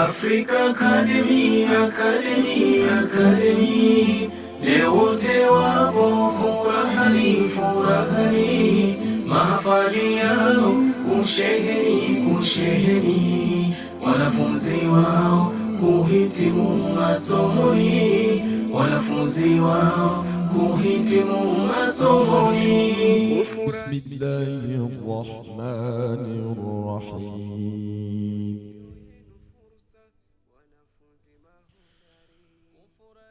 Afrika Academy, Academy, Academy, leo wote wapo furahani, furahani wanaofalia kusheheni kusheheni, wanafunzi wao kuhitimu masomoni, wanafunzi wao kuhitimu masomoni. Bismillahir Rahmanir Rahim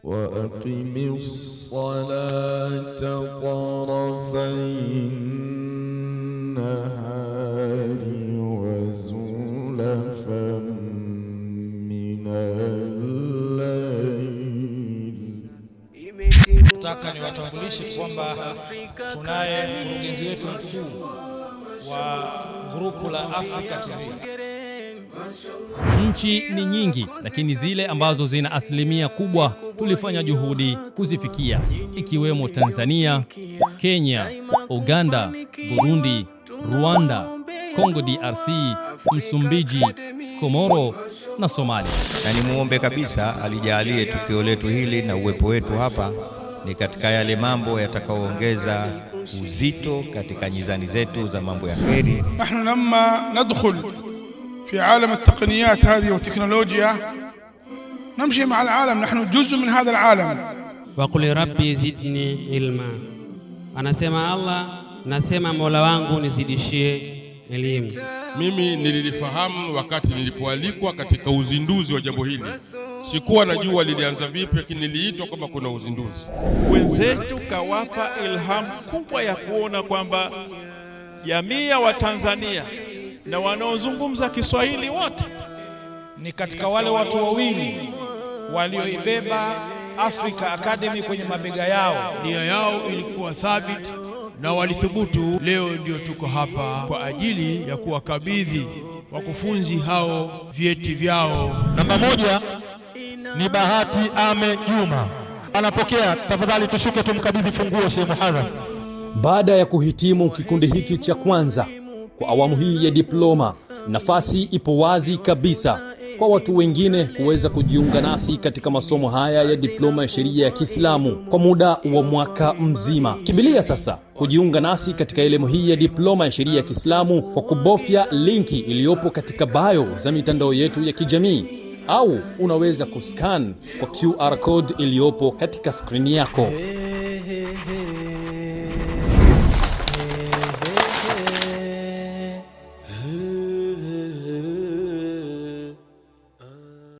وأقم الصلاة طرفي nataka niwatambulishe kwamba tunaye mkurugenzi wetu mkuu wa grupu la Africa TV. Nchi ni nyingi, lakini zile ambazo zina asilimia kubwa tulifanya juhudi kuzifikia, ikiwemo Tanzania, Kenya, Uganda, Burundi, Rwanda, Kongo DRC, Msumbiji, Komoro na Somalia. Na nimuombe kabisa alijalie tukio letu hili na uwepo wetu hapa ni katika yale mambo yatakaoongeza uzito katika nyizani zetu za mambo ya kheri. Nahnu lamma nadkhul fi alam at-taqniyat hadhihi wa teknolojia namshi maa alalam, nahnu juz min hadha alalam. Wa qul rabbi zidni ilma, anasema Allah, nasema Mola wangu nizidishie elimu. Mimi nililifahamu wakati nilipoalikwa katika uzinduzi wa jambo hili. Sikuwa najua lilianza vipi, lakini niliitwa kwamba kuna uzinduzi. Wenzetu kawapa ilhamu kubwa ya kuona kwamba jamii ya Watanzania na wanaozungumza Kiswahili wote ni katika wale watu wawili walioibeba Africa Academy kwenye mabega yao. Nia yao ilikuwa thabiti na walithubutu. Leo ndio tuko hapa kwa ajili ya kuwakabidhi wakufunzi hao vyeti vyao. Namba moja ni Bahati Ame Juma anapokea. Tafadhali tushuke tumkabidhi funguo Sheikh Muhadhar. Baada ya kuhitimu kikundi hiki cha kwanza kwa awamu hii ya diploma, nafasi ipo wazi kabisa kwa watu wengine kuweza kujiunga nasi katika masomo haya ya diploma ya sheria ya Kiislamu kwa muda wa mwaka mzima. Kimbilia sasa kujiunga nasi katika elimu hii ya diploma ya sheria ya Kiislamu kwa kubofya linki iliyopo katika bio za mitandao yetu ya kijamii au unaweza kuscan kwa QR code iliyopo katika skrini yako.